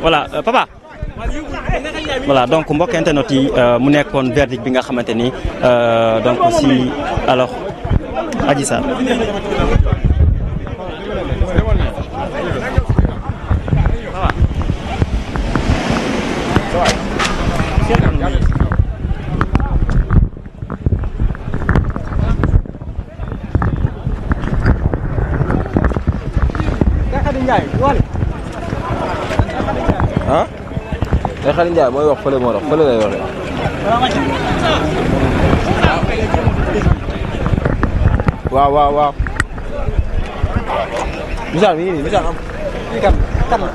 voilà euh, papa. voilà donc mbokk internet euh, mu nekkoon verdict bi nga xamante ni euh, donc si alors Adji Sarr. mais Xali Njaay mooy wax fële moo tax fële lay waxee. waaw waaw waaw. misaal mi ngi nii misaal am. kii kan kan la.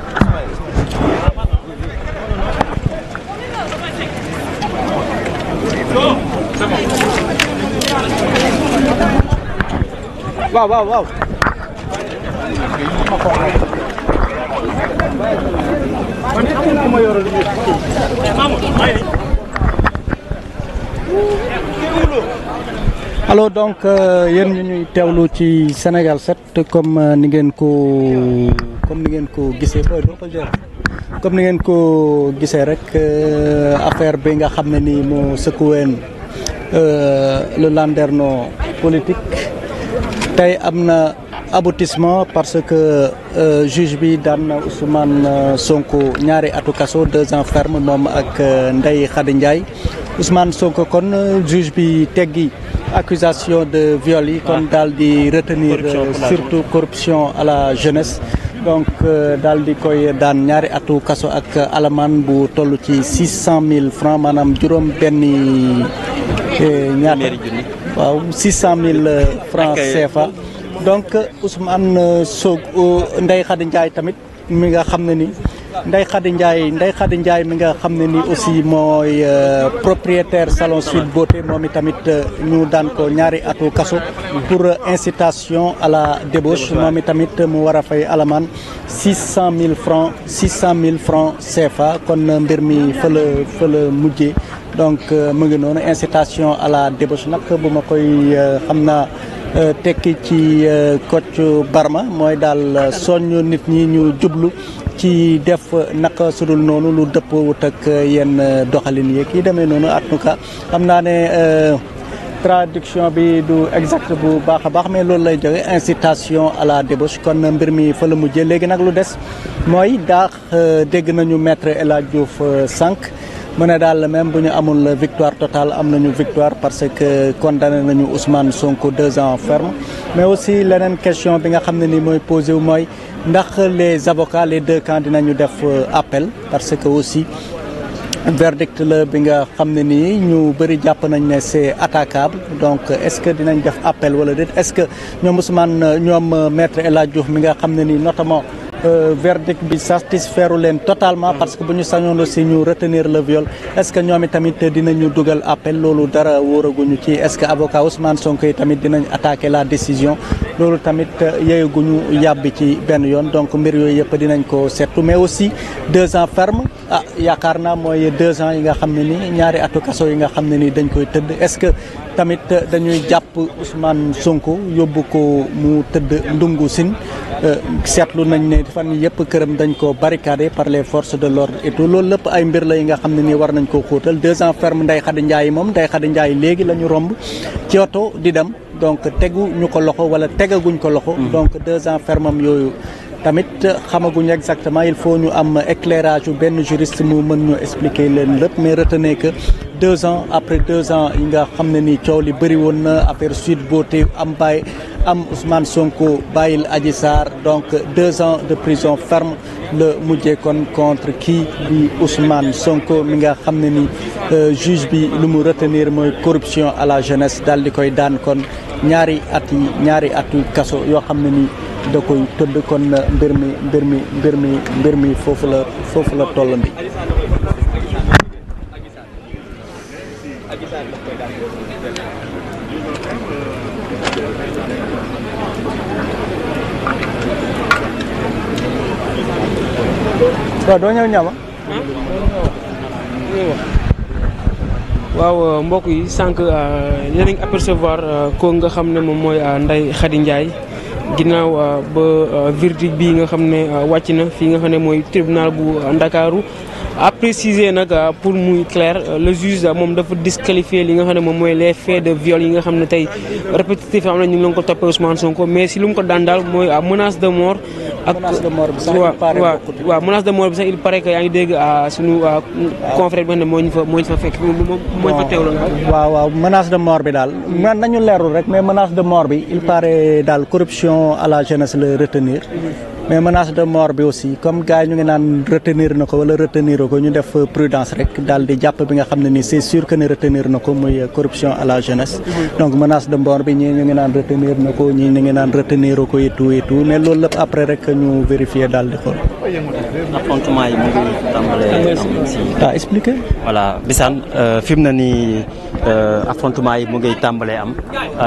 waaw waaw waaw. man donc euh, yéen ñu ñuy teewlu ci Sénégal 7 comme euh, ni ngeen ko comme ni ngeen ko gisee euh, comme ni ngeen ko gisee rek affaire bi nga xam ne ni moo sëkuween le landerneau politique tey am na. aboutissement parce que euh, juge bi daan na Ousmane euh, Sonko ñaari atu kaso deux ans ferme moom ak euh, Ndeye Khady Ndiaye Ousmane kon juge bi teggi accusation de viol yi kon ah. daal di retenir surtout corruption à la jeunesse donc daal di koy daan ñaari atu kaso ak alamaan bu toll ci six cent mille francs maanaam juróom benni eh, ñaata waaw francs CFA donc Ousmane euh, Sow euh, Ndeye Khady Ndiaye tamit mi nga xam ne ni Ndeye Khady Ndiaye Ndeye Khady Ndiaye mi nga xam ne ni aussi mooy euh, propriétaire salon Sweet Beauté moom i tamit mu daan ko ñaari atu kaso pour incitation à la débauche moom i tamit mu war a fay alamaan six cent mille francs six cent mille francs CFA kon mbir mi fa la fa donc mu ngi noonu incitation à la débauche nag bu ma koy xam naa Euh, tekki ci Kocc euh, Barma mooy daal euh, soññ nit ñi ñu jublu ci def naka sudul noonu lu dëpp dëppoowut ak yenn doxalin yi kii demee noonu en tout xam naa ne traduction bi du exact bu baax a baax mais loolu lay jóge incitation à la débauche kon mbir mi fa la mujjee léegi nag lu des mooy daax dégg nañu maître et la Diouf sànq mu ne daal même bu ñu amul victoire totale am nañu victoire parce que condamné nañu Ousmane Sonko deux ans en ferme mais aussi leneen question bi nga xam ne ni mooy posé wu mooy ndax les avocats les deux camps dinañu def euh, appel parce que aussi verdict la bi nga xam ne nii ñu bëri jàpp nañ ne c'est attaquable donc est-ce que dinañ def appel wala déet est-ce que ñoom Ousmane euh, ñoom euh, metre El la Diouf mi nga xam ne nii notamment Euh, verdict bi satisfaire leen totalement parce que bu ñu sañoon aussi ñu retenir le viol est-ce que ñoom itamit dinañu dugal appel loolu dara wóoraguñu ci est-ce que avocat Ousmane Sonko yi tamit dinañ attaquer la décision loolu tamit euh, yeeguñu yàbbi ci benn yoon donc mbir yooyu yëpp dinañ ko seetlu mais aussi deux ans ferme ah yaakaar naa mooy deux ans yi nga xam ne nii ñaari atu yi nga xam ne nii dañ koy tëdd est-ce que tamit euh, dañuy jàpp Ousmane Sonko yóbbu ko mu tëdd ndungu sin seetlu nañ ne fan yëpp këram dañ ko barricadé par les force de l'ordre et tout loolu lépp ay mbir la yi nga xam ne ni war nañ ko xóotal deux ans ferme Ndeye Khady Ndiaye moom Ndeye Khady Ndiaye léegi la ñu romb ci oto di dem donc tegu ñu ko loxo wala tegaguñ ko loxo hmm. donc deux ans fermam yooyu tamit xamaguñu exactement il faut ñu am éclairage benn juriste mu mën ñu expliquer leen lépp mais retenez deux ans après deux ans yi nga xam ne ni coow li bëri woon na affaire boo Beauté am bay am Ousmane Sonko bàyyil Adji Sarr donc deux ans de prison ferme la mujjee kon contre kii di Ousmane Sonko mi nga xam ne ni euh, juge bi lu mu retenir mooy corruption à la jeunesse daal di koy daan kon ñaari at ñaari atu kaso yoo xam ne nii da koy tëdd kon euh, mbir mi mbir mi mbir mi mbir mi foofu la foofu la toll waaw euh, mbokk yi sànq dinañ euh, apercevoir ko nga xam ne moom mooy Ndeye xadi njaay ginnaaw euh, ba euh, verdict bi nga xam ne euh, wàcc na fii nga xam ne mooy tribunal bu Ndakaaru à préciser nag euh, pour muy claire euh, le juge euh, moom dafa disqualifier li nga xam ne moom mooy les faits de viol yi nga xam ne tey répétitif am na ñu ngi leen ko mais si lu mu ko daan daal mooy menace de mort. ak menace de mort bi sax il paraît waaw menace de mort ngi dégg suñu confrère bi ne moo ñu fa moo ñu fa waaw waaw de mort bi man nañu leerul rek mais menace de mort bi il paraît daal corruption à la jeunesse le retenir. mais menace de mort bi aussi comme gars yi ñu ngi naan retenir na ko wala retenir ko ñu def prudence rek daal di jàpp bi nga xam ne ni c'est sûr que ne retenir na ko muy corruption à la jeunesse donc menace de mort bi ñii ñu ngi naan retenir na ko ñii ñu ngi naan retenir ko et tout et tout mais loolu lépp après rek ñu vérifier daal di xool. affrontement yi mu ngi tàmbalee am ah, voilà Bisaan euh, fi mu ne nii euh, affrontement yi mu ngi tàmbalee am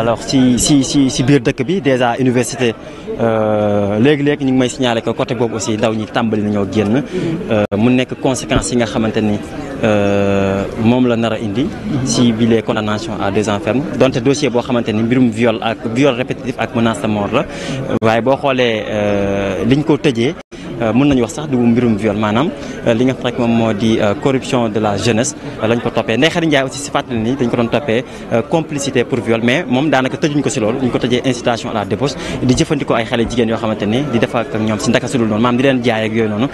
alors si si si si biir dëkk bi déjà université. Euh, léegi-léegi ñu ngi may signalé que côté boobu aussi ndaw ñi tàmbali nañoo génn euh, mu nekk conséquences yi nga xamante ni euh, moom la nar a indi si bilee condamnation à deux ans ferme dossier boo xamante ni mbirum viol ak viol répétitif ak menace de mort la waaye boo xoolee liñ ko tëjee Euh, mën nañu wax sax du mbirum viol maanaam euh, li nga xam rek moom moo di euh, corruption de la jeunesse lañ ko toppee Ndeye Khady aussi si fàttali ni dañ ko doon toppee complicité pour viol mais moom daanaka tëjuñ ko si loolu ñu ko tëjee incitation à la débauche di jëfandikoo ay xale jigéen yoo xamante di def ñoom si ndaka sudul noonu maanaam di leen jaay yooyu noonu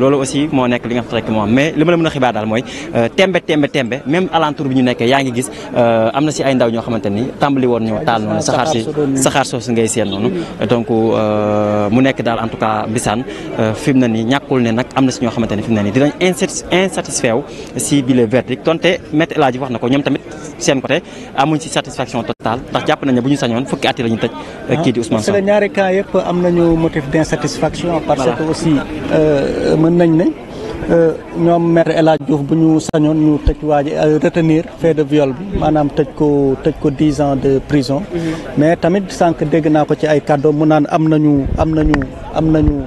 loolu aussi moo nekk li nga xam rek moom mais li ma la mën a xibaar daal mooy tembe Euh, fi mu ne nii ñàkkul ne nag am na si ñoo xamante ne fi mu ne nii dinañ insatisfait wu si bile verdict donte maître El wax na ko ñoom tamit seen côté amuñ si satisfaction total ndax jàpp nañ ne bu ñu sañoon fukki at yi la ñu tëj euh, kii di Ousmane ah, Sonko ñaari cas yëpp am nañu motif parce que aussi euh, mën nañ ne ñoom maître El Hadji Diouf bu ñu sañoon ñu tëj waaji retenir fait de viol bi maanaam tëj ko tëj ko dix ans de prison mhm. mais tamit sànq dégg naa ko ci ay kàddoom mu naan am nañu am nañu am nañu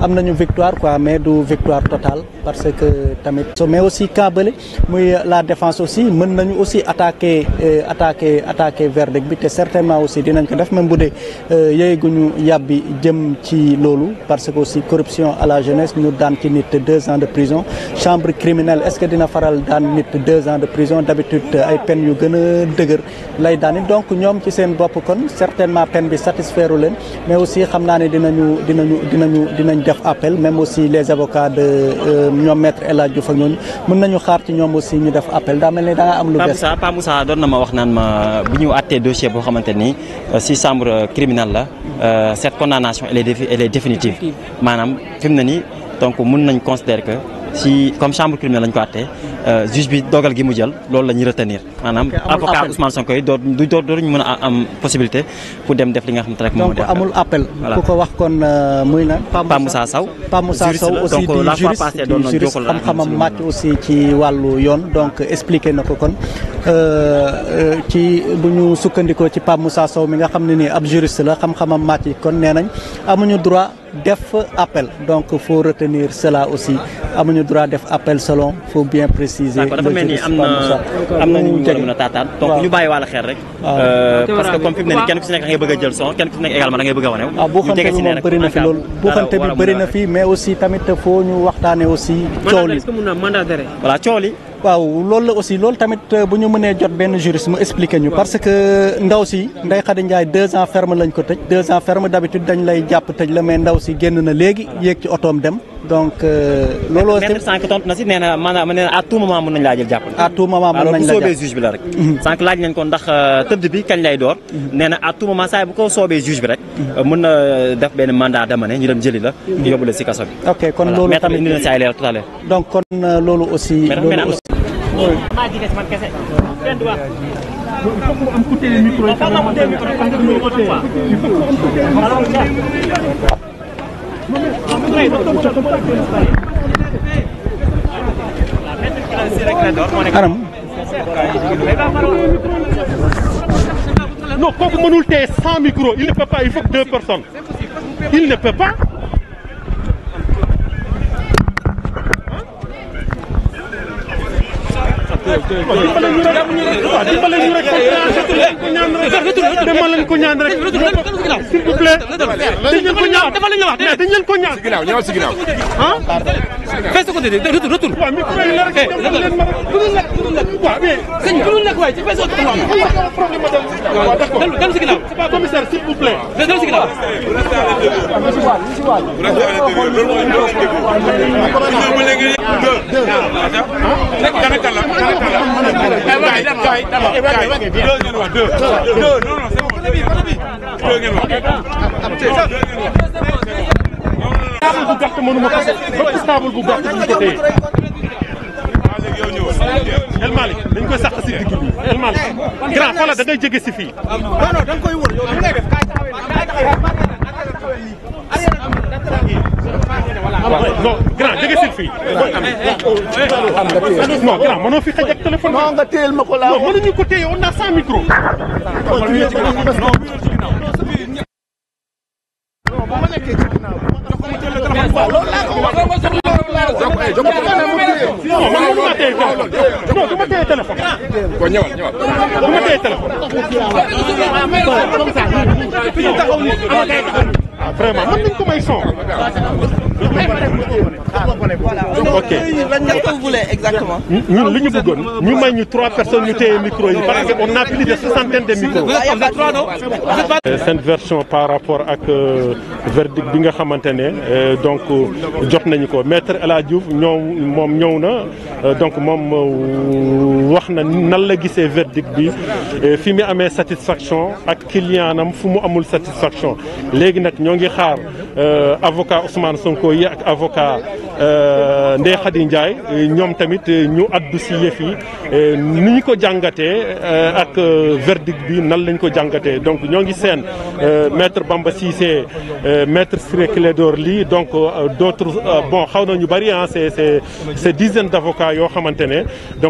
am nañu victoire quoi mais du victoire total parce que tamit mais aussi kaabale muy la défense aussi mën nañu aussi attaquer euh, attaquer attaquer Verdun bi te certainement aussi dinañ ko def même bu dee euh, yeeguñu yàbbi jëm ci loolu parce que aussi corruption à la jeunesse ñu daan ci nit deux ans de prison chambre criminelle est-ce que dina faral daan nit deux ans de prison d'habitude ay peines yu gën a dëgër lay daani donc ñoom ci seen bopp kon certainement peine bi satisfaire leen mais aussi xam naa ne dinañu dinañu dinañu dinañ def aussi les avocats euh, ñoom maître El Hadj Diouf ñooñu mën nañu xaar ci ñoom aussi ñu def appel daa mel ne da nga am lu bees Pa Moussa doon na ma wax naan ma bu ñu àttee dossier boo xamante ni euh, si chambre criminelle la euh, cette condamnation elle est définitive maanaam fi mu ne nii donc mën nañ que si comme chambre criminelle lañ ko àttee euh, juge bi dogal gi mu jël loolu la ñuy retenir maanaam avocat Ousmane Sonko yi doo du dootuñu mën a am dem def li nga xam ne rek moom donc amul appel ku ko wax kon euh, muy na Pa Moussa Sow Pa Moussa Sow aussi di juriste di juriste xam-xamam màcc aussi ci wàllu yoon donc expliqué na ko kon euh, ci bu ñu sukkandikoo ci Pa Moussa Sow mi nga xam ne ni ab juriste la xam-xamam màcc kon nee nañ amuñu droit def appel donc faut retenir cela aussi amuñu droit def appel selon faut bien préciser. d'accord dafa mel ni am na am na ñu taataan donc ñu bàyyi wàllu xel rek. Euh, parce que comme fi mu ne nii kenn ku si nekk da ngay jël son kenn ku si nekk également da ngay bëgg a wane. Ah, ñu tege bi bëri na fi loolu buuxante bi bëri mais aussi tamit foo ñu waxtaanee aussi. coow li mandat bi est-ce que mun naa mandat waaw loolu la aussi loolu tamit euh, bu ñu mënee jot benn juriste mu expliquer ñu parce que euh, ndaw si Ndeye Khady Ndiaye deux ans ferme lañ ko tëj deux ans ferme dañ lay jàpp tëj la mais ndaw si génn na léegi yéeg ci otoom dem donc euh, loolu aussi si nee na maanaam nee na à tout moment jàpp à tout moment mën nañ la mhm. laaj nañ ko ndax tëdd bi lay door mhm. nee na à tout moment ko soobee mhm. def benn mandat d'amener ñu dem jëli bi ok kon loolu tamit indi na si loolu aussi loolu aussi maa jiite si man kese. kenn du wax. il faut que mu am ku téye micro yi. tamit man tamit man tamit man tamit man tamit man tamit man il ne peut pas. a dimbale ñu rek dama leen ko ñaan rek s'il vous plaît dañ leen ko ñaan dañ leen ko ñaan si ginnaaw ñëwal si ginnaaw fees ko déedéet retour retour. waaw mi ku may lekk lekk waaye ci fees oto mu am. problème ma dellu dellu si ginnaaw. c'est pas commissaire s'il vous plaît. dellu si ginnaaw. deux deux deux table bu gàtt mënu ma ko bépp table bu gàtt duñ ko téye. El Malick dañ koy sàq si digg bi El Malick grand xoolal da ngay jege si fii. non non da nga koy wër yow li ngay def kaay taxawee kaay taxawee non grand jege si fii. non grand mënoo fi xaj ak téléphone. non nga téyel ma ko laa non mënuñu ko téye on a 100 micro. non bu ma nekkee ci ginnaaw non du ma téye téléphone. kon ñëwal ñëwal. du ma téye téléphone. fi ñu taxaw nii. ah vraiment mën nañu ko may son. ok exactement. li ñu bëggoon ñu may ñu trois personnes ñu téye micro yi parce que on a plus de soixantaine de micros. Euh, seen version par rapport ak euh, verdict bi nga xamante ne euh, donc jot nañu ko maître El Hadj Diouf ñoom moom ñëw na donc moom wax na nan la gisee verdict bi fi mu amee satisfaction ak client am fu mu amul satisfaction léegi nag ñoo ngi xaar. Euh, avocat Ousmane Sonko yi ak avocat euh, Ndeye Khady Ndiaye ñoom tamit ñu addu si yëf yi euh, ni ñu ko jàngatee ak verdict bi nan lañ ko jàngatee donc ñoo ngi seen metre Bamba Cissé maître Ciré Clédor Ly donc d'autres bon xaw na ñu bari ah c'est c'est dizaines d'avocats yoo xamante ne